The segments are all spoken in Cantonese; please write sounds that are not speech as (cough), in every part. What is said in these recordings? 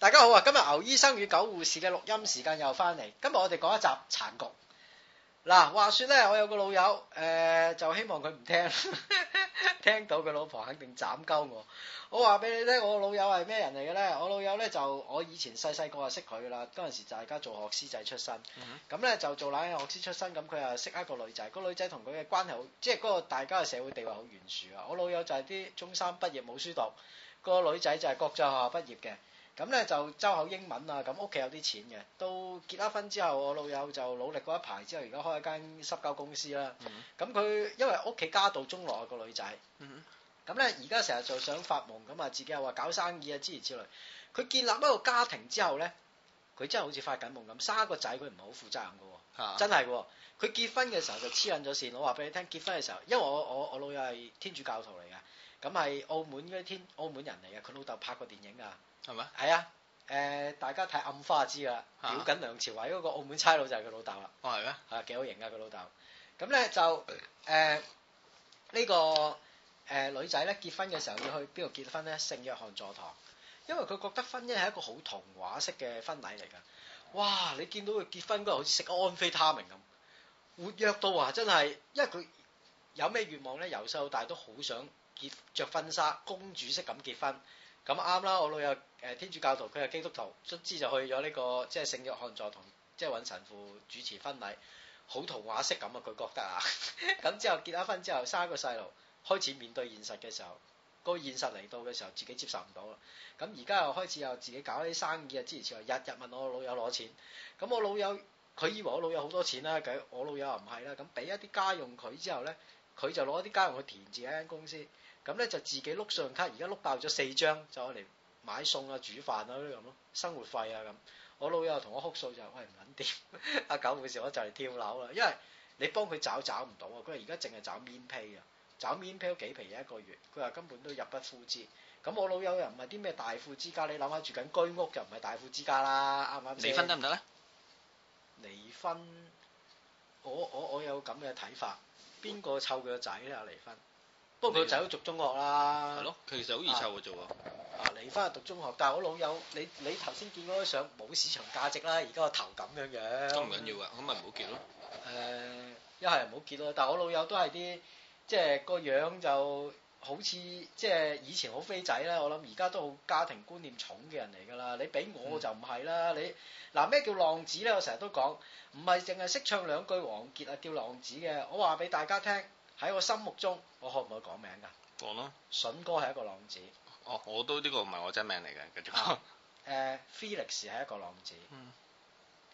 大家好啊！今日牛醫生與狗護士嘅錄音時間又翻嚟。今日我哋講一集殘局。嗱，話說咧，我有個老友，誒、呃、就希望佢唔聽， (laughs) 聽到佢老婆肯定斬鳩我。我話俾你聽，我老友係咩人嚟嘅咧？我老友咧就我以前細細個就識佢啦。嗰陣時大家做學師仔出身，咁咧就做冷氣學師出身。咁佢又識一個女仔，個女仔同佢嘅關係好，即係嗰個大家嘅社會地位好懸殊啊！我老友就係啲中三畢業冇書讀，個女仔就係國際學校畢業嘅。咁咧就周口英文啊！咁屋企有啲錢嘅，到結咗婚之後，我老友就努力過一排之後，而家開一間濕膠公司啦。咁佢、嗯、因為屋企家道中落啊，個女仔。咁咧而家成日就想發夢咁啊，自己又話搞生意啊之類之類。佢建立一個家庭之後咧，佢真係好似發緊夢咁，生一個仔佢唔係好負責任嘅喎，啊、真係嘅、哦。佢結婚嘅時候就黐撚咗線，我話俾你聽，結婚嘅時候，因為我我我老友係天主教徒嚟嘅，咁係澳門嗰啲天澳門人嚟嘅，佢老豆拍過電影啊。係咪？係啊，誒，大家睇暗花就知啦，表緊、啊、梁朝偉嗰個澳門差佬就係佢老豆啦。哦，係咩？啊，幾、啊、好型噶佢老豆。咁咧就誒呢、呃，這個誒、呃、女仔咧結婚嘅時候要去邊度結婚咧？聖約翰座堂，因為佢覺得婚姻係一個好童話式嘅婚禮嚟噶哇，你見到佢結婚嗰日好似食安非他命咁，活躍到啊，真係，因為佢有咩願望咧？由細到大都好想結着婚紗，公主式咁結婚。咁啱啦！我老友誒、呃、天主教徒，佢係基督徒，卒之就去咗呢、呢個即係聖約翰座堂，即係揾神父主持婚禮，好童話式咁啊！佢覺得啊，咁 (laughs) 之後結咗婚之後，生一個細路，開始面對現實嘅時候，個現實嚟到嘅時候，自己接受唔到啦。咁而家又開始又自己搞啲生意啊，之前前日日問我老友攞錢，咁我老友佢以為我老友好多錢啦，計我老友又唔係啦，咁俾一啲家用佢之後咧，佢就攞一啲家用去填自己間公司。咁咧就自己碌信用卡，而家碌爆咗四張，就嚟買餸啊、煮飯啊嗰啲咁咯，生活費啊咁。我老友同我哭訴就，喂唔捻掂，阿、 (laughs) 啊、狗，會唔會就嚟跳樓啦？因為你幫佢找找唔到啊，佢而家淨係找面 pay 啊，找面 pay 都幾皮嘢一個月，佢話根本都入不敷支。咁我老友又唔係啲咩大富之家，你諗下住緊居屋就唔係大富之家啦，啱唔啱？離婚得唔得咧？離婚，我我我，我有咁嘅睇法，邊個湊佢個仔咧？離婚？不過佢仔都讀中學啦，係咯，佢其實好易湊嘅啫啊，你翻去讀中學，但係我老友，你你頭先見嗰啲相冇市場價值啦，而家個頭咁樣樣都唔緊要啊，咁咪唔好結咯。誒，一係唔好結咯，但係我老友都係啲即係個樣就好似即係以前好飛仔啦，我諗而家都好家庭觀念重嘅人嚟㗎、嗯、啦。你俾我就唔係啦，你嗱，咩叫浪子咧？我成日都講，唔係淨係識唱兩句王傑啊叫浪子嘅，我話俾大家聽。喺我心目中，我可唔可以講名㗎？講咯。筍哥係一個浪子。哦，我都呢個唔係我真名嚟嘅，繼續講。誒，Felix 係一個浪子。嗯。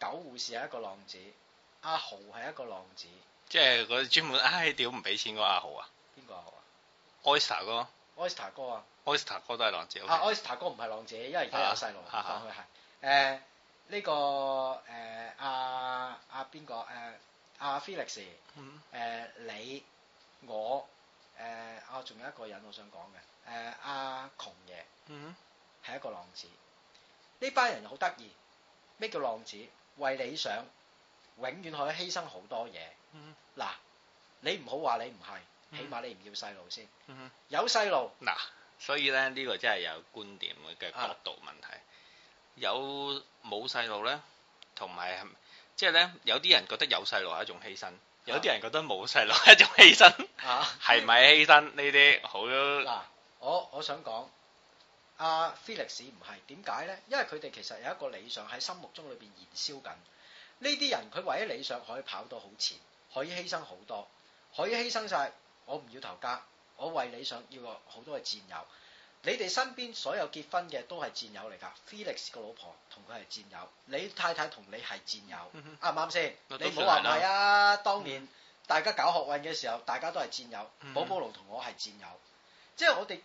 九護士係一個浪子。阿豪係一個浪子。即係嗰專門唉屌唔俾錢嗰個阿豪啊？邊個阿豪啊？Oyster 哥。Oyster 哥啊，Oyster 哥都係浪子。Oyster 哥唔係浪子，因為而家有細路，佢係。呢個誒阿阿邊個誒阿 Felix？嗯。誒，我誒啊，仲有一個人我想講嘅誒，阿窮爺，嗯，係一個浪子。呢班人又好得意。咩叫浪子？為理想，永遠可以犧牲好多嘢。嗯。嗱，你唔好話你唔係，起碼你唔要細路先。嗯哼。有細路。嗱，所以咧呢個真係有觀點嘅角度問題。有冇細路咧？同埋，即係咧，有啲人覺得有細路係一種犧牲，有啲人覺得冇細路係一種犧牲。啊，係咪犧牲呢啲好？嗱、啊，我我想講，阿、啊、Felix 唔係點解咧？因為佢哋其實有一個理想喺心目中裏邊燃燒緊。呢啲人佢為咗理想可以跑到好前，可以犧牲好多，可以犧牲晒。我唔要頭家，我為理想要個好多嘅戰友。你哋身邊所有結婚嘅都係戰友嚟㗎。Felix 個老婆同佢係戰友，你太太同你係戰友，啱唔啱先？你唔好話唔係啊！當年。大家搞學運嘅時候，大家都係戰友，寶寶羅同我係戰友，即係我哋。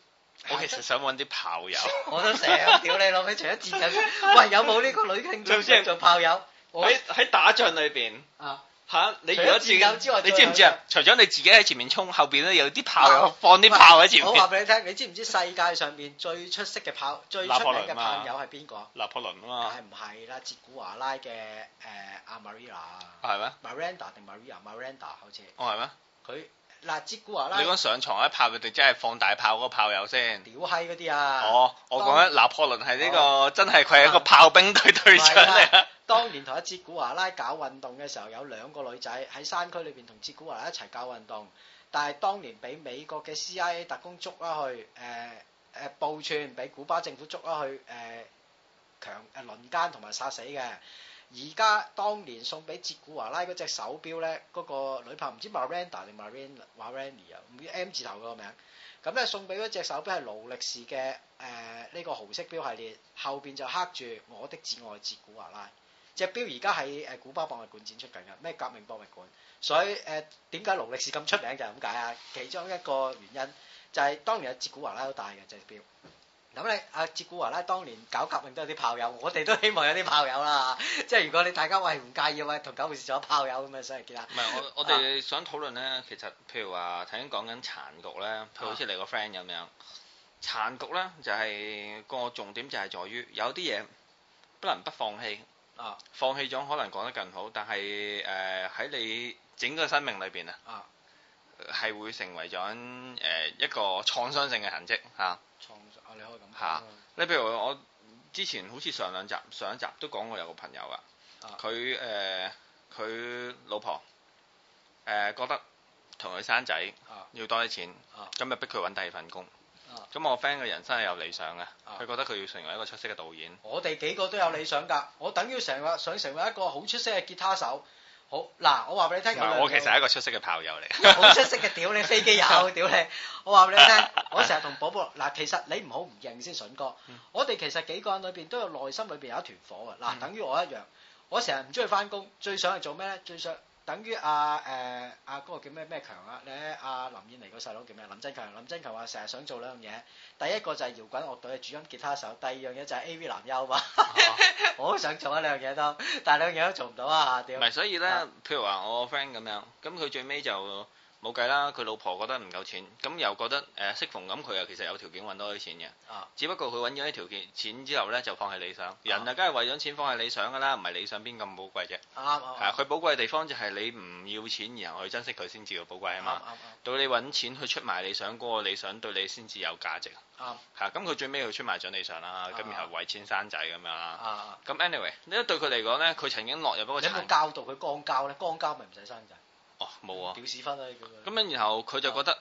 我其實想揾啲炮友， (laughs) 我都成日屌你老味， (laughs) 除咗戰友， (laughs) 喂，有冇呢個女性？做炮友，喺喺、就是、在打仗裏邊啊。吓、啊！你如果自己之外，你知唔知啊？由除咗你自己喺前面衝，後邊咧有啲炮友放啲炮喺前面。我話俾你聽，你知唔知世界上邊最出色嘅炮、 (laughs) 最出名嘅炮友係邊個？拿破崙啊嘛。係唔係啦？捷古華拉嘅誒阿 Maria、啊。係咩？Maranda 定 Maria？Maranda 好似。哦，係咩？佢。嗱，哲古華拉，你講上床一炮佢哋真係放大炮嗰個炮友先？屌閪嗰啲啊！哦，我講緊，當拿破崙係呢個、哦、真係佢係一個炮兵隊隊長嚟、啊。 (laughs) 當年同阿哲古華拉搞運動嘅時候，有兩個女仔喺山區裏邊同哲古華拉一齊搞運動，但係當年俾美國嘅 CIA 特工捉咗去，誒誒報串，俾、呃、古巴政府捉咗去誒強誒輪奸同埋殺死嘅。而家當年送俾捷古華拉嗰、那個、隻手錶咧，嗰個女朋友唔知 Maranda 定 Marina，a Rani 啊，唔知 M 字頭個名。咁咧送俾嗰隻手錶係勞力士嘅誒呢個豪色錶系列，後邊就刻住我的摯愛捷古華拉。隻錶而家喺誒古巴博物館展出緊嘅，咩革命博物館。所以誒點解勞力士咁出名就係咁解啊？其中一個原因就係、是、當年有捷古華拉都戴嘅隻錶。咁咧，阿、啊、哲古華、啊、啦，當年搞革命都有啲炮友，我哋都希望有啲炮友啦， (laughs) 即係如果你大家話係唔介意啊，同九護士做咗炮友咁樣，所以見下。唔係我，我哋、啊、想討論咧，其實譬如話頭先講緊殘局咧，譬如好似你個 friend 咁樣。殘局咧就係、是、個重點就係在於有啲嘢不能不放棄。啊。放棄咗可能講得更好，但係誒喺你整個生命裏邊啊。啊係會成為咗誒、呃、一個創傷性嘅痕跡吓，創傷啊，你可以咁吓、啊，你譬如我之前好似上兩集上一集都講過有個朋友噶，佢誒佢老婆誒、呃、覺得同佢生仔、啊、要多啲錢啊，咁就逼佢搵第二份工啊，咁我 friend 嘅人生係有理想嘅，佢、啊、覺得佢要成為一個出色嘅導演，我哋幾個都有理想噶，我等於成日想成為一個好出色嘅吉他手。好嗱，我話俾你聽，了我其實係一個出色嘅炮友嚟，好 (laughs) 出色嘅，屌你飛機友，屌你！ (laughs) 我話俾你聽，我成日同寶寶，嗱，其實你唔好唔認先筍哥，嗯、我哋其實幾個人裏邊都有內心裏邊有一團火嘅，嗱，等於我一樣，我成日唔中意翻工，最想係做咩咧？最想。等於阿誒阿嗰個叫咩咩強啊？咧阿林燕妮個細佬叫咩？林振強，林振強話成日想做兩樣嘢，第一個就係搖滾樂隊嘅主音吉他手，第二樣嘢就係 A V 男優嘛。啊、 (laughs) 我好想做一兩樣嘢都，但係兩樣嘢都做唔到啊！屌、啊。唔係，所以咧，啊、譬如話我個 friend 咁樣，咁佢最尾就。冇計啦，佢老婆覺得唔夠錢，咁又覺得誒、呃、適逢咁，佢又其實有條件揾多啲錢嘅。啊、只不過佢揾咗啲條件錢之後呢就放棄理想。人啊，梗係為咗錢放棄理想噶啦，唔係、啊、理想邊咁寶貴啫。啱，係啊，佢、啊、寶貴嘅地方就係你唔要錢然後去珍惜佢先至會寶貴啊嘛。到、啊啊啊、你揾錢去出賣想理想嗰個理想對你先至有價值。啱、啊。咁佢、啊、最尾要出賣準理想啦，咁然後為錢生仔咁樣啦。咁 anyway，呢一對佢嚟講呢，佢曾經落入嗰個。有冇教導佢光交咧？光交咪唔使生仔。哦，冇啊，屌屎忽啦！咁樣，然後佢就覺得，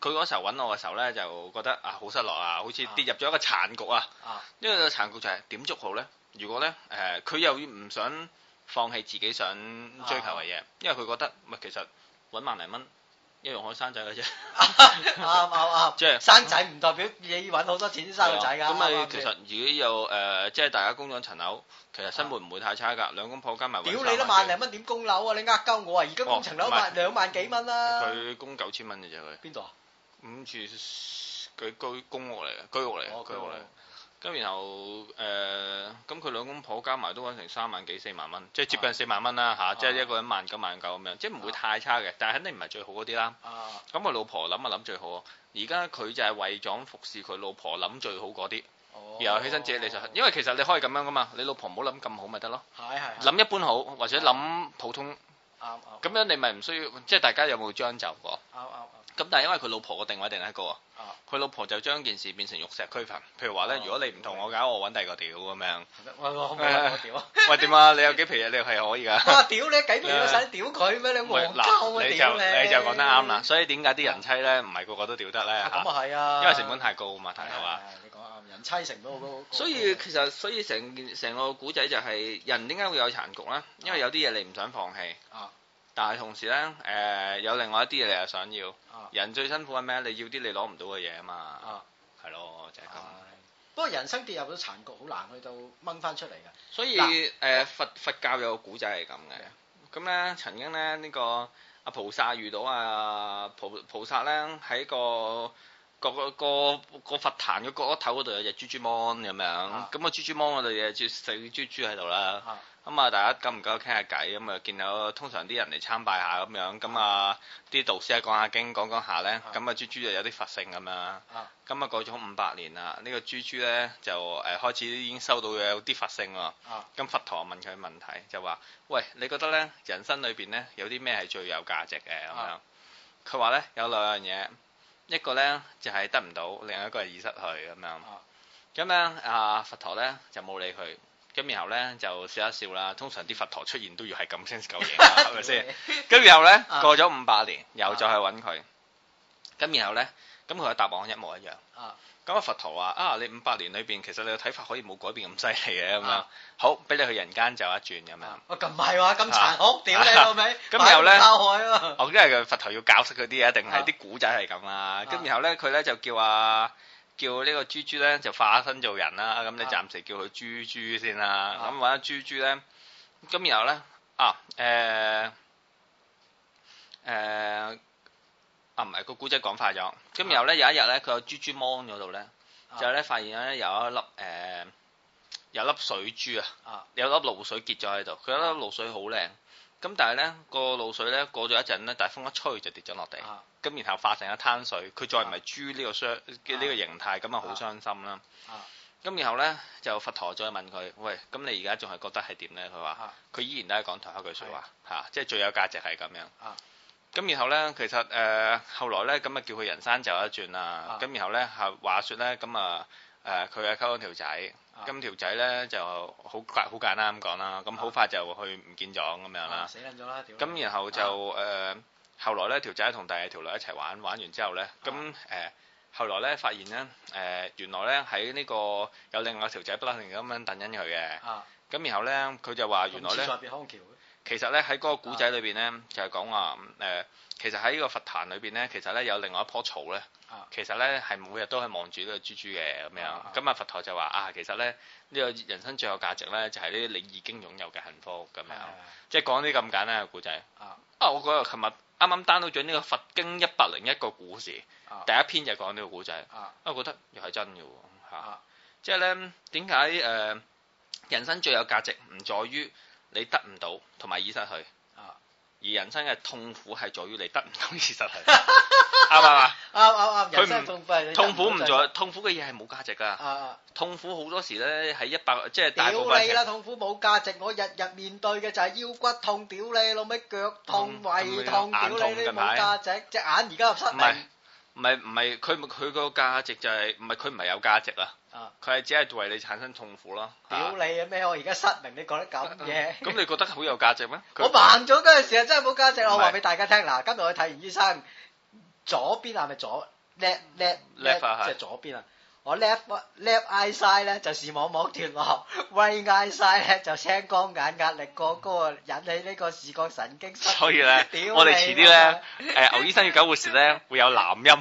誒，佢嗰時候揾我嘅時候咧，就覺得啊，好失落啊，好似跌入咗一個殘局啊。啊，因為個殘局就係點捉好咧？如果咧，誒、啊、佢又唔想放棄自己想追求嘅嘢，啊、因為佢覺得，唔、哎、係其實揾萬零蚊。一樣可以生仔嘅啫，啱啱啱，即係生仔唔代表你要揾好多錢生個仔噶。咁啊，其實如果有誒，即係大家供咗層樓，其實生活唔會太差㗎。兩公婆加埋，屌你都萬零蚊點供樓啊？你呃鳩我啊！而家供層樓萬兩萬幾蚊啦。佢供九千蚊嘅啫，佢邊度啊？五處佢居居屋嚟嘅，居屋嚟嘅，居屋嚟。咁然後誒，咁佢兩公婆加埋都揾成三萬幾四萬蚊，即係接近四萬蚊啦嚇，即係一個人萬九萬九咁樣，即係唔會太差嘅，但係肯定唔係最好嗰啲啦。咁佢老婆諗啊諗最好，而家佢就係為咗服侍佢老婆諗最好嗰啲。然後起身姐你就因為其實你可以咁樣噶嘛，你老婆唔好諗咁好咪得咯，諗一般好或者諗普通。啱咁樣你咪唔需要，即係大家有冇將就過？咁但係因為佢老婆個定位定係一個啊，佢老婆就將件事變成玉石俱焚。譬、啊、如話咧，如果你唔同我搞、啊，我揾第二個屌咁樣，喂，我點 (laughs) 啊？你有幾皮嘢？你係可以噶，我屌你幾皮使屌佢咩？你黃牛你，你就你就講你得啱啦。所以點解啲人妻咧唔係個個都屌得咧？咁啊係啊，因為成本太高啊嘛，係嘛？你講啱，人妻成本好高。所以其實所以成件成個古仔就係人點解會有殘局咧？因為有啲嘢你唔想放棄、啊但係同時咧，誒有另外一啲嘢你又想要，人最辛苦係咩？你要啲你攞唔到嘅嘢啊嘛，係咯，就係咁。不過人生跌入咗殘局，好難去到掹翻出嚟㗎。所以誒，佛佛教有個古仔係咁嘅，咁咧曾經咧呢個阿菩薩遇到啊菩菩薩咧，喺個個個佛壇嘅角落頭度有隻豬豬芒。咁樣，咁個豬豬芒嗰度嘢住四隻豬豬喺度啦。咁啊，大家久唔久都傾下偈，咁啊見到通常啲人嚟參拜下咁樣，咁啊啲道士啊講下經，講講下咧，咁啊豬豬就有啲佛性咁啊，咁啊過咗五百年啦，這個、豬豬呢個豬豬咧就誒、呃、開始已經收到有啲佛性喎，咁佛陀問佢問題，就話：喂，你覺得咧人生裏邊咧有啲咩係最有價值嘅？咁樣，佢話咧有兩樣嘢，一個咧就係、是、得唔到，另一個係已失去咁樣，咁樣啊佛陀咧就冇理佢。.咁然後咧就笑一笑啦，通常啲佛陀出現都要係咁先夠嘢，係咪先？咁然後咧過咗五百年，又再去揾佢。咁然後咧，咁佢嘅答案一模一樣。啊！咁啊佛陀話：啊，你五百年裏邊其實你嘅睇法可以冇改變咁犀利嘅咁樣。好，俾你去人間走一轉咁樣。哦，咁唔係喎，咁殘好，屌你老味，咁然度拋開咯。哦，因為佢佛陀要教識佢啲嘢，定係啲古仔係咁啦。咁然後咧，佢咧就叫啊。叫個豬豬，呢個豬豬咧就化身做人啦，咁你暫時叫佢豬豬先啦。咁揾咗豬豬咧，咁然後咧啊誒誒、呃、啊唔係，個故仔講快咗。咁然後咧有一日咧，佢個豬豬芒嗰度咧，啊、就咧發現咧有一粒誒、呃、有粒水珠啊，有粒露水結咗喺度。佢有粒露水好靚。咁但係咧個露水咧過咗一陣咧，大風一吹就跌咗落地，咁然後化成一灘水，佢再唔係豬呢個相嘅呢個形態，咁啊好傷心啦。咁然後咧就佛陀再問佢：喂，咁你而家仲係覺得係點咧？佢話佢依然都係講同一句説話，嚇，即係最有價值係咁樣。咁然後咧，其實誒後來咧，咁啊叫佢人生走一轉啦。咁然後咧嚇話説咧，咁啊誒佢係溝緊條仔。咁、啊、條仔咧就好簡好簡單咁講啦，咁好快就去唔見咗咁樣啦、啊。死咗啦，咁然後就誒、啊呃，後來咧條仔同第二條女一齊玩玩完之後咧，咁誒、啊呃、後來咧發現咧誒、呃、原來咧喺呢、呢、呢個有另外一條仔不擋塵咁樣等緊佢嘅。啊。咁然後咧佢就話原來咧。別康橋。其實咧喺嗰個古仔裏邊咧，就係講話誒，其實喺呢個佛壇裏邊咧，其實咧有另外一棵草咧，其實咧係每日都係望住呢個豬豬嘅咁樣。咁啊佛陀就話啊，其實咧呢個人生最有價值咧，就係呢啲你已經擁有嘅幸福咁樣。即係講啲咁簡單嘅古仔。啊，我覺得琴日啱啱 download 咗呢個《佛經一百零一個故事》，第一篇就講呢個古仔。啊，我覺得又係真嘅喎。即係咧點解誒人生最有價值唔在於？你得唔到，同埋已失去，啊、而人生嘅痛苦係在於你得唔到，已失去，啱嘛 (laughs) 吧？啱啱啱，人生痛苦不痛苦唔在痛苦嘅嘢係冇價值噶。痛苦好多時咧喺一百，即係大屌你啦，痛苦冇價值，我日日面對嘅就係腰骨痛，屌、呃、你老尾腳痛、胃痛，屌、呃、你痛你冇價值，隻眼而家又失明。唔係唔係佢佢個價值就係唔係佢唔係有價值啊？啊！佢係只係為你產生痛苦咯。屌你啊！咩？我而家失明，你講得咁嘢，咁你覺得好有價值咩？我盲咗嗰陣時啊，真係冇價值。我話俾大家聽，嗱，今日我去睇完醫生，左邊係咪左？Left left 即係左邊啊！我 left left eye side 呢，就視網膜脫落；right eye side 呢，就青光眼，壓力過高啊，引起呢個視覺神經。所以咧，我哋遲啲咧，誒，牛醫生要搞護士咧，會有男音。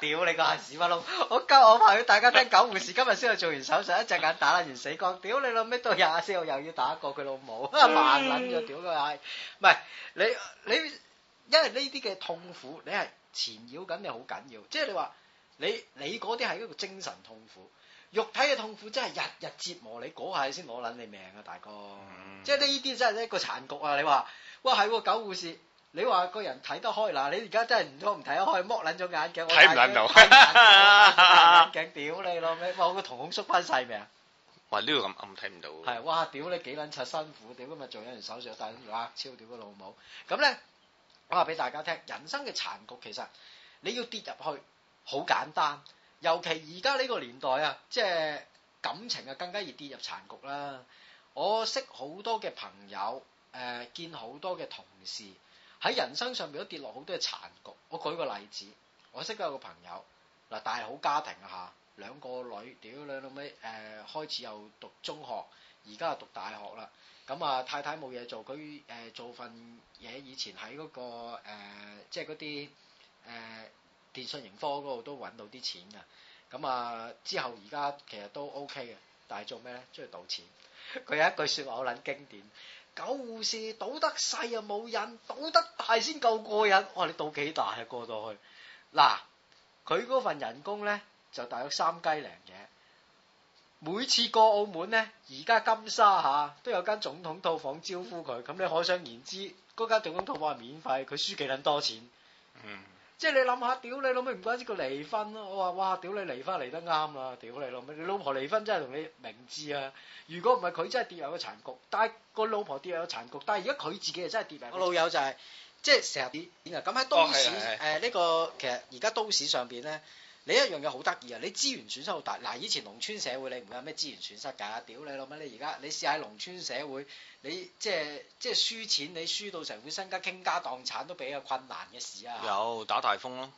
屌你個屎忽窿！我教，我話俾大家聽，狗護士今日先去做完手術，一隻眼打完死光。屌你老味到廿四號又要打過佢老母，煩撚咗屌佢閪。唔係你你，因為呢啲嘅痛苦，你係纏繞緊你好緊要。即係你話你你嗰啲係一個精神痛苦，肉體嘅痛苦真係日日折磨你。嗰下先攞撚你命啊，大哥！即係呢啲真係一個殘局啊！你話哇係狗護士。你話個人睇得開嗱，你而家真係唔通唔睇得開，剝捻咗眼鏡，睇唔撚到，眼鏡，屌你老味！我個瞳孔縮翻細未？哇，呢個咁暗睇唔到。係哇，屌你幾捻柒辛苦，屌咪做有條手鐲戴住，哇，超屌嘅老母！咁咧，我話俾大家聽，人生嘅殘局其實你要跌入去，好簡單。尤其而家呢個年代啊，即係感情啊，更加易跌入殘局啦。我識好多嘅朋友，誒、呃，見好多嘅同事。呃喺人生上面都跌落好多嘅殘局。我舉個例子，我識得有個朋友嗱，大好家庭啊嚇，兩個女，屌你老尾，誒開始又讀中學，而家又讀大學啦。咁、嗯、啊太太冇嘢做，佢誒、呃、做份嘢，以前喺嗰、那個、呃、即係嗰啲誒電訊盈科嗰度都揾到啲錢㗎。咁、嗯、啊、嗯、之後而家其實都 OK 嘅，但係做咩咧？中意賭錢。佢有一句説話好撚經典。狗護士賭得細又冇癮，賭得大先夠過癮。我話你賭幾大啊？過到去。嗱，佢嗰份人工呢，就大約三雞零嘅。每次過澳門呢，而家金沙吓都有間總統套房招呼佢。咁你可想而知，嗰間總統套房係免費，佢輸幾捻多錢。嗯。即係你諗下，屌你老味，唔怪之，佢離婚咯！我話哇，屌你離婚離得啱啦，屌你老味，你老婆離婚真係同你明知啊！如果唔係佢真係跌入個殘局，但係個老婆跌入個殘局，但係而家佢自己係真係跌入。我老友就係、就係、即係成日跌啊！咁喺都市誒呢個其實而家都市上邊咧。你一樣嘢好得意啊！你資源損失好大嗱，以前農村社會你唔會有咩資源損失㗎，屌你老母！你而家你試下農村社會，你即係即係輸錢，你輸到成個身家傾家蕩產都比較困難嘅事啊！有打大風咯，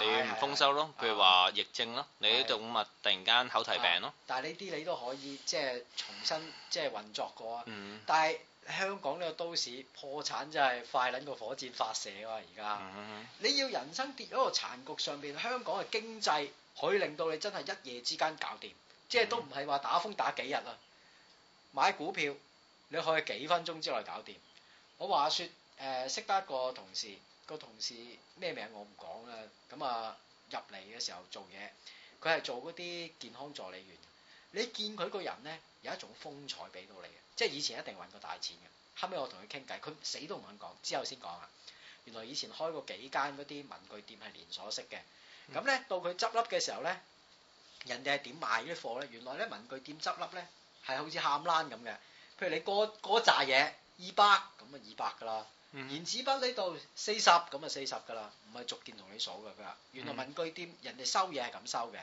你唔豐收咯，譬如話疫症咯，是你啲動物突然間口蹄病咯，但係呢啲你都可以即係重新即係運作過，嗯、但係。香港呢個都市破產就係快撚過火箭發射喎、啊 mm！而家，你要人生跌喺個殘局上邊，香港嘅經濟可以令到你真係一夜之間搞掂，即係都唔係話打風打幾日啦、啊。買股票你可以幾分鐘之內搞掂。我話説誒，呃、識得一個同事，個同事咩名我唔講啦。咁啊，入嚟嘅時候做嘢，佢係做嗰啲健康助理員。你見佢個人咧有一種風采俾到你嘅，即係以前一定揾過大錢嘅。後尾我同佢傾偈，佢死都唔肯講，之後先講啊。原來以前開過幾間嗰啲文具店係連鎖式嘅，咁咧到佢執笠嘅時候咧，人哋係點賣啲貨咧？原來咧文具店執笠咧係好似喊攤咁嘅。譬如你過過一紮嘢二百，咁啊二百㗎啦。原子筆呢度四十，咁啊四十㗎啦，唔係逐件同你數㗎㗎。原來文具店、嗯、人哋收嘢係咁收嘅。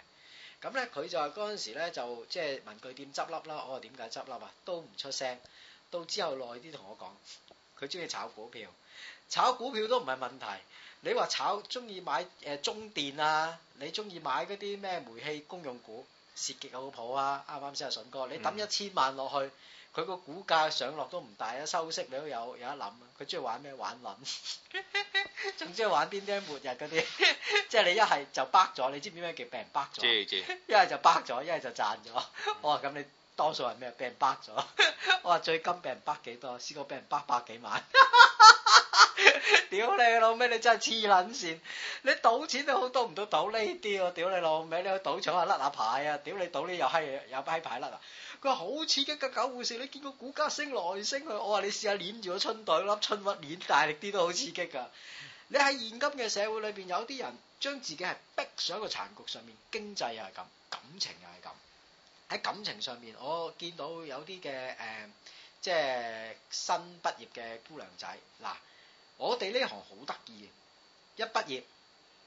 咁咧佢就話嗰陣時咧就即係文具店執笠啦，我話點解執笠啊？都唔出聲。到之後耐啲同我講，佢中意炒股票，炒股票都唔係問題。你話炒中意買誒、呃、中電啊？你中意買嗰啲咩煤氣公用股、蝕極好好啊？啱啱先阿順哥，你抌一千萬落去。嗯佢個股價上落都唔大啊，收息你都有有得諗啊，佢中意玩咩玩撚？總之係玩邊啲末日嗰啲， (laughs) 即係你一係就崩咗，你知唔知咩叫俾人崩咗？知知。一係就崩咗，一係就賺咗。 (laughs) 我話咁你多數係咩？俾人崩咗。 (laughs) 我話最金俾人崩幾多？試過被人崩百幾萬。 (laughs) (laughs) 屌你老味！你真係黐撚線，你賭錢都好多多賭唔到賭呢啲喎！屌你老味，你去賭場啊甩下牌啊！屌你賭呢又閪又閪牌甩啊！佢話好刺激㗎，狗護士你見過股價升來升去，我話你試下撚住個春袋粒春屈撚大力啲都好刺激㗎。你喺現今嘅社會裏邊，有啲人將自己係逼上一個殘局上面，經濟又係咁，感情又係咁。喺感情上面，我見到有啲嘅誒，即係新畢業嘅姑娘仔嗱。我哋呢行好得意，一畢業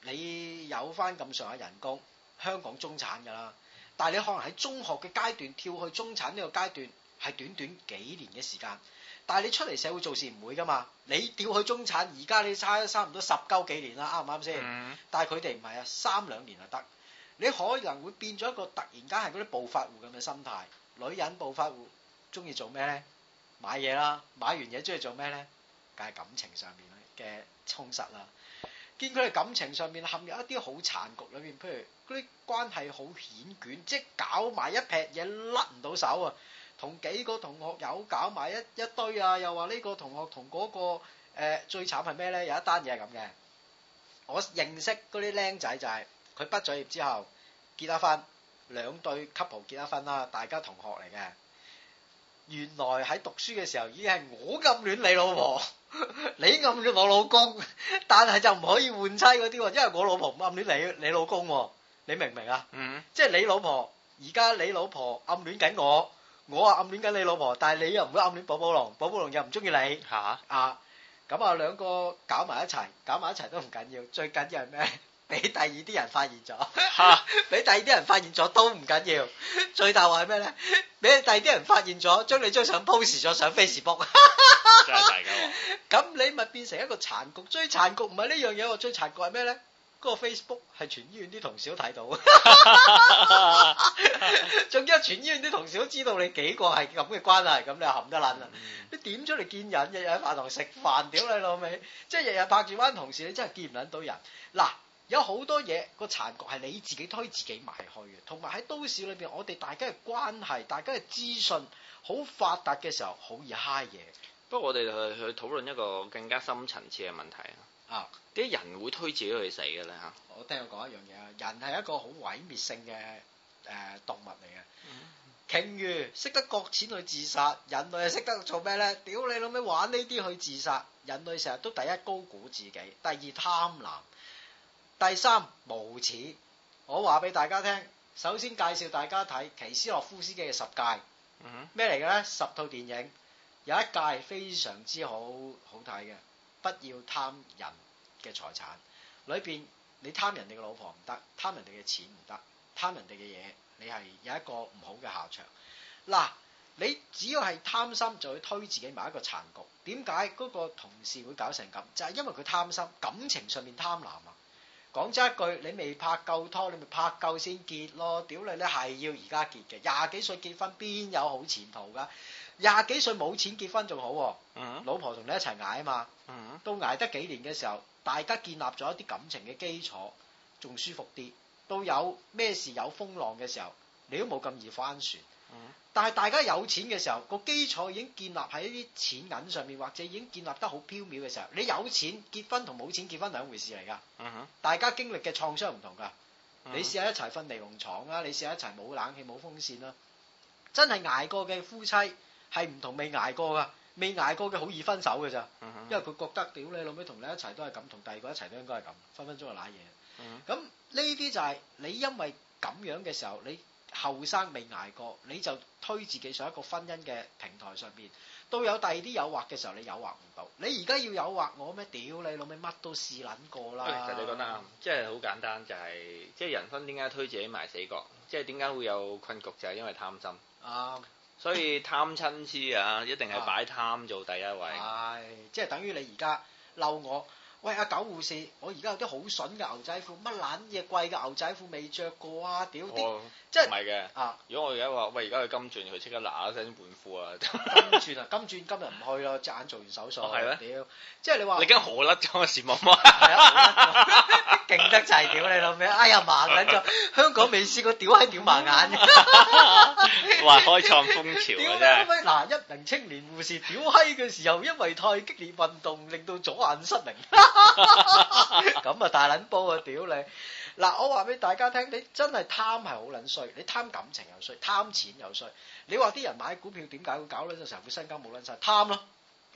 你有返咁上下人工，香港中產㗎啦。但係你可能喺中學嘅階段跳去中產呢個階段係短短幾年嘅時間。但係你出嚟社會做事唔會㗎嘛？你調去中產，而家你差差唔多十鳩幾年啦，啱唔啱先？嗯、但係佢哋唔係啊，三兩年就得。你可能會變咗一個突然間係嗰啲暴發戶咁嘅心態。女人暴發戶中意做咩呢？買嘢啦，買完嘢中意做咩呢？梗係感情上面嘅充實啦，見佢哋感情上面陷入一啲好殘局裏面，譬如嗰啲關係好捲捲，即係搞埋一撇嘢甩唔到手啊！同幾個同學有搞埋一一堆啊，又話呢個同學同嗰個誒最慘係咩咧？有一單嘢係咁嘅，我認識嗰啲僆仔就係佢畢咗業之後結咗婚，兩對 couple 結咗婚啦，大家同學嚟嘅。原來喺讀書嘅時候已經係我咁亂你老婆。 (laughs) 你暗戀我老公，但係就唔可以換妻嗰啲喎，因為我老婆唔暗戀你，你老公喎，啊，你明唔明啊？嗯，即係你老婆，而家你老婆暗戀緊我，我啊暗戀緊你老婆，但係你又唔會暗戀寶寶龍，寶寶龍又唔中意你，吓啊，咁啊兩個搞埋一齊，搞埋一齊都唔緊要，最緊要係咩？俾第二啲人發現咗哈，俾第二啲人發現咗都唔緊要。最大話係咩咧？俾第二啲人發現咗，將你張相 post 咗上 Facebook，真係咁 (laughs) 你咪變成一個殘局。最殘局唔係呢樣嘢，我最殘局係咩咧？嗰個 Facebook 係全醫院啲同事都睇到，仲兼全醫院啲同事都知道你幾個係咁嘅關係，咁你又冚得撚啦。你點咗嚟見人？日日喺飯堂食飯，屌你老味！即係日日拍住班同事，你真係見唔到人。嗱。有好多嘢個殘局係你自己推自己埋去嘅，同埋喺都市裏邊，我哋大家嘅關係、大家嘅資訊好發達嘅時候，好易 high 嘢。不過我哋去去討論一個更加深層次嘅問題啊！點解人會推自己去死嘅咧？嚇！我聽佢講一樣嘢啊，人係一個好毀滅性嘅誒、呃、動物嚟嘅。嗯、鯨魚識得擱淺去自殺，人類又識得做咩咧？屌你老味玩呢啲去自殺，人類成日都第一高估自己，第二貪婪。第三無恥我話俾大家聽，首先介紹大家睇《奇斯洛夫斯基》嘅十戒哼咩嚟嘅咧？十套電影有一戒非常之好好睇嘅。不要貪人嘅財產，裏邊你貪人哋嘅老婆唔得，貪人哋嘅錢唔得，貪人哋嘅嘢，你係有一個唔好嘅下場。嗱，你只要係貪心，就會推自己埋一個殘局。點解個同事會搞成咁？就係、是、因為佢貪心，感情上面貪婪啊！講真一句，你未拍夠拖，你咪拍夠先結咯。屌你，你係要而家結嘅。廿幾歲結婚邊有好前途㗎？廿幾歲冇錢結婚仲好，啊，老婆同你一齊捱啊嘛。到捱得幾年嘅時候，大家建立咗一啲感情嘅基礎，仲舒服啲。到有咩事有風浪嘅時候，你都冇咁易翻船。嗯，但係大家有錢嘅時候，個基礎已經建立喺啲錢銀上面，或者已經建立得好飄渺嘅時候，你有錢結婚同冇錢結婚係兩回事嚟㗎。嗯、大家經歷嘅創傷唔同㗎。嗯。你試下一齊瞓尼龍牀啊，你試下一齊冇冷氣冇風扇啦，真係捱過嘅夫妻係唔同未捱過㗎，未捱過嘅好易分手㗎咋。嗯、因為佢覺得屌你老味同你一齊都係咁，同第二個一齊都，都應該係咁，分分鐘就瀨嘢。嗯，咁呢啲就係你因為咁樣嘅時候你時候。你後生未捱過，你就推自己上一個婚姻嘅平台上邊，到有第二啲誘惑嘅時候，你誘惑唔到。你而家要誘惑我咩？屌你老味，乜都試撚過啦。其實你講得啱，即係好簡單，就係、是、即係人生點解推自己埋死角？即係點解會有困局？就係、是、因為貪心。啱、啊。所以貪親痴啊，一定係擺貪做第一位。係、啊啊哎，即係等於你而家嬲我，喂阿、啊、狗護士，我而家有啲好筍嘅牛仔褲，乜撚嘢貴嘅牛仔褲未着過啊？屌啲。即係唔係嘅，如果我而家話，喂而家去金鑽，佢即刻嗱嗱聲本褲啊！金鑽啊，金鑽今日唔開咯，隻眼做完手術。哦，係咧，屌！即係你話你今日何甩咗個睫毛嗎？勁得滯，屌你老味！哎呀盲撚咗，香港未試過屌閪屌盲眼嘅，話開創風潮嘅真係。嗱，一名青年護士屌閪嘅時候，因為太激烈運動，令到左眼失明。咁啊大撚波啊屌你！嗱，我話俾大家聽，你真係貪係好撚衰，你貪感情又衰，貪錢又衰。你話啲人買股票點解會搞咧？就成日會身家冇撚晒，貪咯。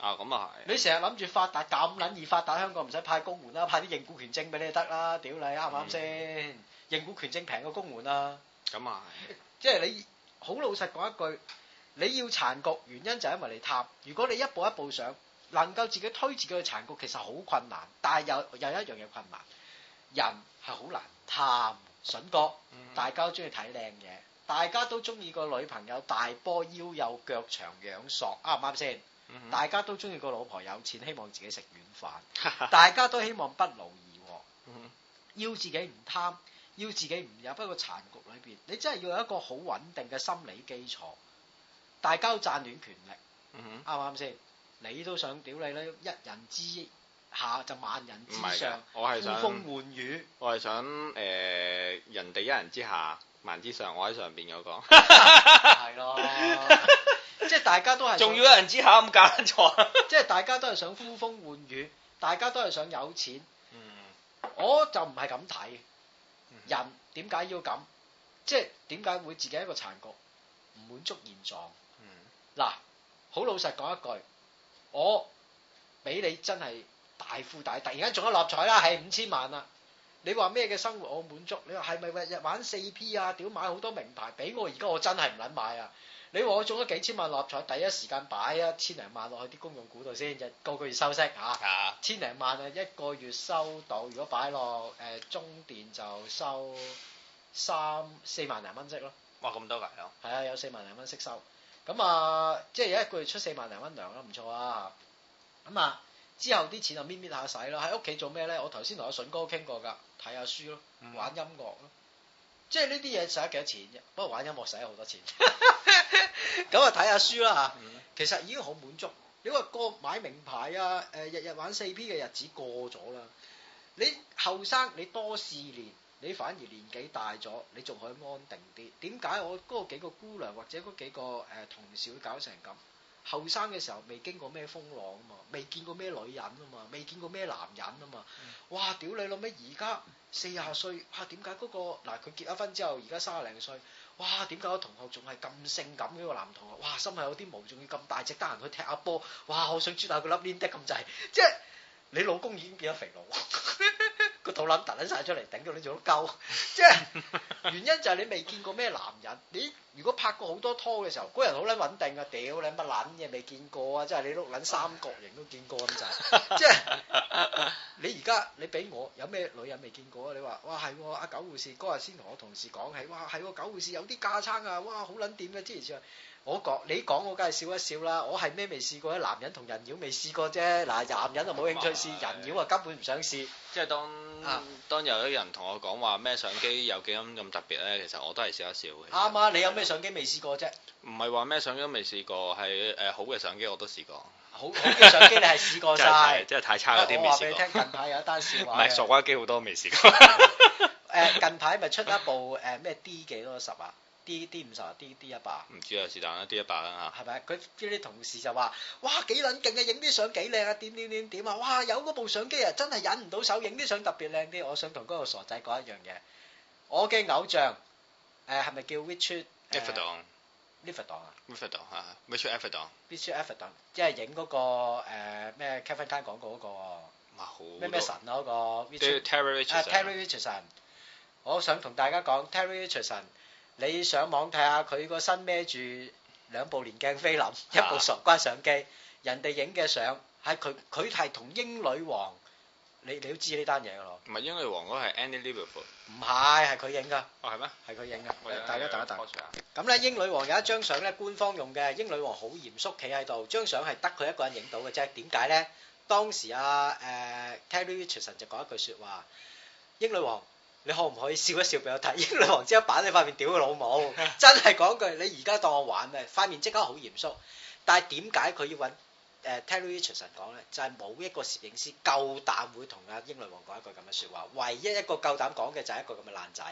啊，咁啊係。你成日諗住發達咁撚易發達，香港唔使派公援啦，派啲認股權證俾你得啦，屌你啱唔啱先？認、嗯、股權證平過公援啦，咁啊係。即係你好老實講一句，你要殘局原因就係因為你貪。如果你一步一步上，能夠自己推自己去殘局，其實好困難。但係又有，有一樣嘢困難。人係好難貪，筍哥，大家都中意睇靚嘢，大家都中意個女朋友大波腰又腳長，樣索啱唔啱先？ (laughs) 大家都中意個老婆有錢，希望自己食軟飯，大家都希望不勞而獲。 (laughs) 要自己唔貪，要自己唔入一個殘局裏邊，你真係要有一個好穩定嘅心理基礎。大家都爭奪權力，啱唔啱先？ (laughs) 你都想屌你咧，一人之下就萬人之上，我係想呼風喚雨。我係想誒、呃，人哋一人之下，萬之上，我喺上面嗰邊有、嗰個。係咯，即係大家都係。仲要一人之下咁揀錯，即 (laughs) 係大家都係想呼風喚雨，大家都係想有錢。嗯。我就唔係咁睇，人點解要咁？即係點解會自己一個殘局，唔滿足現狀？嗱，好老實講一句，我俾你真係。大富大突然間中咗六合彩啦，係五千萬啦！你話咩嘅生活我滿足？你話係咪日日玩四 P 啊？屌買好多名牌俾我，而家我真係唔撚買啊！你話我中咗幾千萬六合彩，第一時間擺一千零萬落去啲公用股度先，日個個月收息嚇，千零萬啊，啊萬一個月收到，如果擺落誒中電就收三四萬零蚊息咯。哇！咁多㗎有？係啊，有四萬零蚊息收。咁啊、呃，即係有一個月出四萬零蚊糧都唔錯啊。咁啊。之後啲錢就搣搣下使咯，喺屋企做咩咧？我頭先同阿順哥傾過噶，睇下書咯，唔玩音樂咯，嗯、即係呢啲嘢使幾多錢？不過玩音樂使好多錢，咁啊睇下書啦吓，其實已經好滿足。你話過買名牌啊，誒日日玩四 P 嘅日子過咗啦，你後生你多試年，你反而年紀大咗，你仲可以安定啲。點解我嗰幾個姑娘或者嗰幾個誒同事會搞成咁？後生嘅時候未經過咩風浪啊嘛，未見過咩女人啊嘛，未見過咩男人啊嘛，嗯、哇！屌你老味，而家四廿歲，吓點解嗰個嗱佢、啊、結咗婚之後而家三十零歲，哇！點解個同學仲係咁性感嘅、這個男同學，哇！心係有啲毛，仲要咁大隻，得閒去踢下波，哇！我想知道佢粒 link 得咁滯，即、就、係、是、你老公已經變咗肥佬。 (laughs) 到撚撚晒出嚟，頂到你做到鳩，即係 (laughs) 原因就係你未見過咩男人，你如果拍過好多拖嘅時候，嗰人好撚穩定啊！屌你乜撚嘢未見過啊！即係你碌撚三角形都見過咁滯，就係、 (laughs) 即係你而家你俾我有咩女人未見過啊？你話哇係阿、哦、狗護士嗰日先同我同事講起，哇係、哦、狗護士有啲架撐啊！哇好撚掂嘅，之前仲。我講你講我梗係笑一笑啦，我係咩未試過咧？男人同人妖未試過啫。嗱，男人就冇興趣試，人妖啊根本唔想試。即係當當有啲人同我講話咩相機有幾咁咁特別咧，其實我都係笑一笑。啱啱，你有咩相機未試過啫？唔係話咩相機都未試過，係誒好嘅相機我都試過。好好嘅相機你係試過曬，即係太差嗰啲未試過。近排有一單笑話，唔係傻瓜機好多都未試過。誒，近排咪出一部誒咩 D 幾多十啊？D 啲五十，d 啲一百，唔知啊，是但啦，d 一百啦嚇，係咪？佢啲啲同事就話，哇，幾撚勁啊！影啲相幾靚啊！點點點點啊！哇，有嗰部相機啊，真係忍唔到手，影啲相特別靚啲。我想同嗰個傻仔講一樣嘢，我嘅偶像誒係咪叫 Richard？Efron？Efron r i c h a r d 啊，Richard e f r o Richard f r o n 即係影嗰個咩 Kevin Tan 廣告嗰個，咩咩神嗰個？t e r r y r i s o 啊，Terry Richardson，我想同大家講 Terry Richardson。你上網睇下佢個身孭住兩部連鏡菲林，啊、一部傻瓜相機，人哋影嘅相係佢佢係同英女王，你你都知呢單嘢嘅咯。唔係英女王嗰係 Andy Liverpool 唔係，係佢影嘅。哦，係咩？係佢影嘅。想大家等一等。咁咧，拍拍英女王有一張相咧，官方用嘅英女王好嚴肅企喺度，張相係得佢一個人影到嘅啫。點解咧？當時啊，誒，Taylor Swift 就講一句説話，英女王。你可唔可以笑一笑俾我睇？英女王即刻板喺塊面屌佢老母，真係講句，你而家當我玩咩？塊面即刻好嚴肅。但係點解佢要揾？誒，Terry Trushen 講咧，就係冇一個攝影師夠膽會同阿英女王講一句咁嘅說話。唯一一個夠膽講嘅就係一個咁嘅爛仔。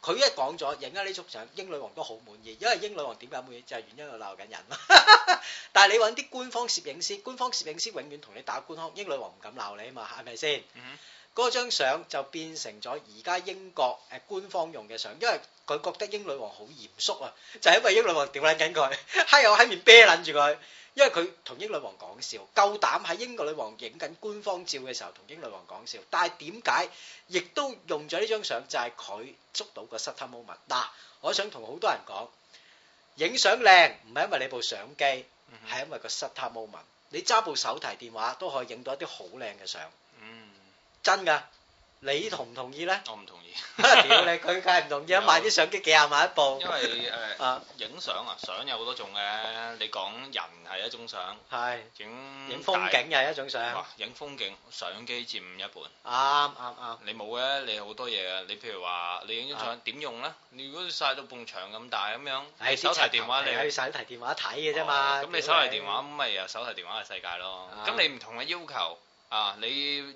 佢一講咗，影咗呢束相，英女王都好滿意。因為英女王點解滿意？就係原因我鬧緊人。但係你揾啲官方攝影師，官方攝影師永遠同你打官腔。英女王唔敢鬧你啊嘛，係咪先？嗯。嗰張相就變成咗而家英國誒官方用嘅相，因為佢覺得英女王好嚴肅啊，就係因為英女王屌撚緊佢，係我喺面啤撚住佢。因為佢同英女王講笑，夠膽喺英國女王影緊官方照嘅時候同英女王講笑。但係點解亦都用咗呢張相？就係佢捉到個 shutter moment。嗱，我想同好多人講，影相靚唔係因為你部相機，係因為個 shutter moment。你揸部手提電話都可以影到一啲好靚嘅相。真噶，你同唔同意咧？我唔同意。屌你，佢梗係唔同意啊！買啲相機幾廿萬一部。因為誒，啊，影相啊，相有好多種嘅。你講人係一種相，係影影風景又係一種相。哇，影風景相機佔一半。啱啱啱。你冇嘅，你好多嘢啊。你譬如話你影張相點用咧？你如果曬到半牆咁大咁樣，手提電話你去手提電話睇嘅啫嘛。咁你手提電話咁咪又手提電話嘅世界咯。咁你唔同嘅要求。啊！你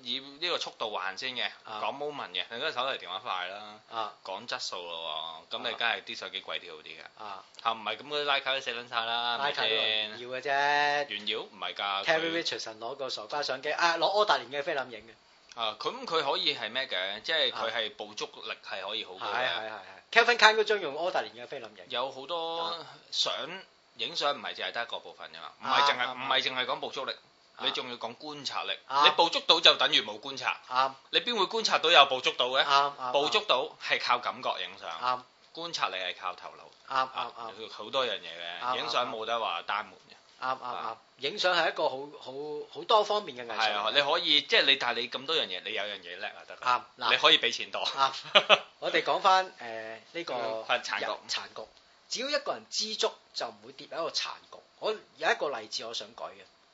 以呢個速度還先嘅，講 moment 嘅，你嗰手提電話快啦，講質素咯喎，咁你梗係啲相機貴啲好啲嘅。啊！啊唔係咁嗰啲拉卡都死撚曬啦，拉卡都炫耀嘅啫。炫耀？唔係㗎。Kevin Richardson 攞個傻瓜相機啊，攞柯達年嘅菲林影嘅。啊！咁佢可以係咩嘅？即係佢係捕捉力係可以好過。係係係 Kevin Kane 嗰張用柯達年嘅菲林影。有好多相影相唔係淨係得一個部分㗎嘛？唔係淨係，唔係淨係講捕捉力。你仲要講觀察力，你捕捉到就等於冇觀察。啱，你邊會觀察到有捕捉到嘅？啱，捕捉到係靠感覺影相。啱，觀察力係靠頭腦。啱啱啱。好多樣嘢嘅。影相冇得話單門嘅。啱啱啱，影相係一個好好好多方面嘅藝術。係啊，你可以即係你，帶你咁多樣嘢，你有樣嘢叻就得。啱，你可以俾錢多。我哋講翻誒呢個殘局。殘局，只要一個人知足，就唔會跌喺個殘局。我有一個例子我想改嘅。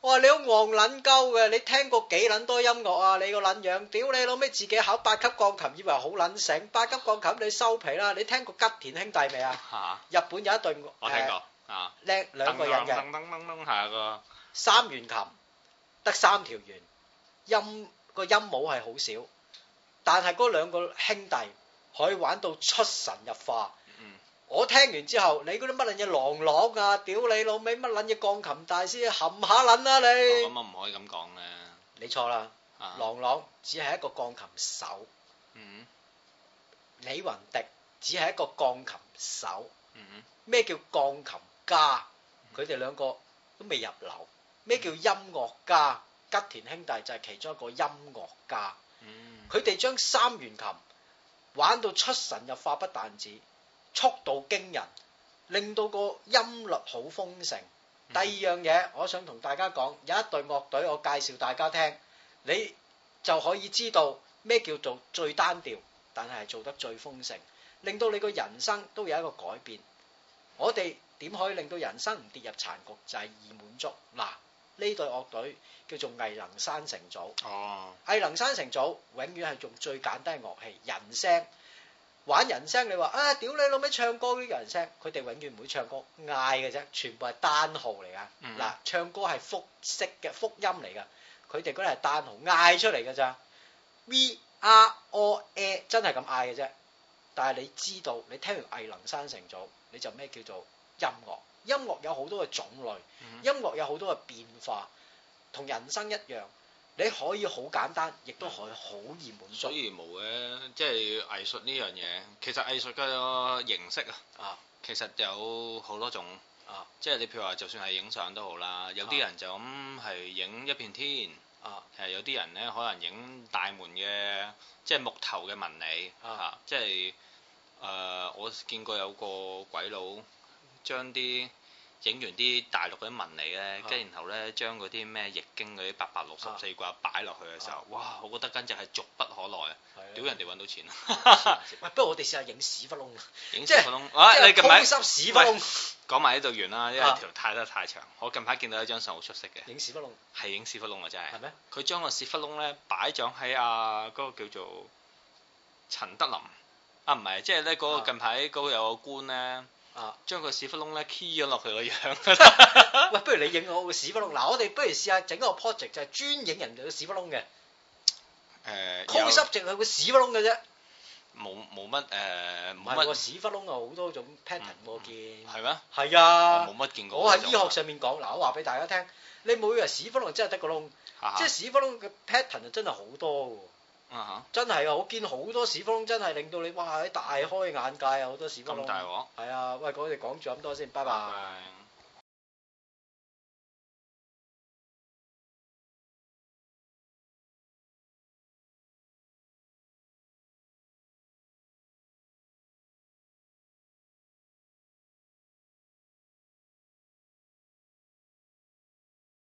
哇你好戇卵鳩嘅，你聽過幾卵多音樂啊？你個卵樣，屌你，老咩自己考八級鋼琴，以為好卵醒？八級鋼琴你收皮啦！你聽過吉田兄弟未啊？日本有一對，我聽過啊，叻兩個人嘅。三弦琴，得三條弦，音個音母係好少，但係嗰兩個兄弟可以玩到出神入化。我聽完之後，你嗰啲乜捻嘢郎朗啊，屌你老味，乜捻嘢鋼琴大師冚下捻啦、啊、你！咁啊唔可以咁講咧，你錯啦，郎朗、uh huh. 只係一個鋼琴手，uh huh. 李雲迪只係一個鋼琴手，咩、uh huh. 叫鋼琴家？佢哋、uh huh. 兩個都未入流。咩叫音樂家？Uh huh. 吉田兄弟就係其中一個音樂家，佢哋、uh huh. 將三弦琴玩到出神入化不但止。速度驚人，令到個音律好豐盛。嗯、第二樣嘢，我想同大家講，有一隊樂隊，我介紹大家聽，你就可以知道咩叫做最單調，但係做得最豐盛，令到你個人生都有一個改變。我哋點可以令到人生唔跌入殘局，就係易滿足？嗱，呢隊樂隊叫做藝能山城組。哦。藝能山城組永遠係用最簡單嘅樂器，人聲。玩人聲，你話啊，屌你老味唱歌啲人聲，佢哋永遠唔會唱歌，嗌嘅啫，全部係單號嚟噶。嗱，嗯嗯、唱歌係複式嘅複音嚟噶，佢哋嗰啲係單號嗌出嚟嘅咋。We are all a 真係咁嗌嘅啫。但係你知道，你聽完藝能山城組，你就咩叫做音樂？音樂有好多嘅種類，音樂有好多嘅變化，同人生一樣。你可以好簡單，亦都可以好熱門。所以冇嘅，即係藝術呢樣嘢，其實藝術嘅形式啊，啊，其實有好多種啊，即係你譬如話，就算係影相都好啦，有啲人就咁係影一片天啊，誒、啊，有啲人咧可能影大門嘅，即係木頭嘅紋理啊，啊即係誒、呃，我見過有個鬼佬將啲。影完啲大陸嗰啲文理咧，跟然後咧將嗰啲咩易經嗰啲八百六十四卦擺落去嘅時候，哇！我覺得跟住係俗不可耐啊！屌人哋揾到錢，唔係不過我哋試下影屎窟窿啊！影屎窟窿啊！你近排講屎窟窿，講埋呢度完啦，因為條太得太長。我近排見到一張相好出色嘅，影屎窟窿係影屎窟窿啊！真係，係咩？佢將個屎窟窿咧擺咗喺啊嗰個叫做陳德林啊，唔係即係咧嗰個近排嗰個有個官咧。啊！將個屎窟窿咧 key 咗落去個樣， (laughs) 喂，不如你影我個屎窟窿嗱， (laughs) 我哋不如試下整個 project 就係專影人哋個屎窟窿嘅，誒、呃，枯濕淨係個屎窟窿嘅啫，冇冇乜誒，唔係個屎窟窿啊，好、呃、多種 pattern、嗯嗯、我見，係咩嗎？係啊，冇乜見過，我喺醫學上面講，嗱，我話俾大家聽，你咪以為屎窟窿真係得個窿，即係屎窟窿嘅 pattern 就真係好多。啊、uh huh. 真係啊，我見好多屎風真係令到你哇，你大開眼界啊！好多屎風咁大鑊係啊，喂，講住講住咁多先，拜拜。拜拜。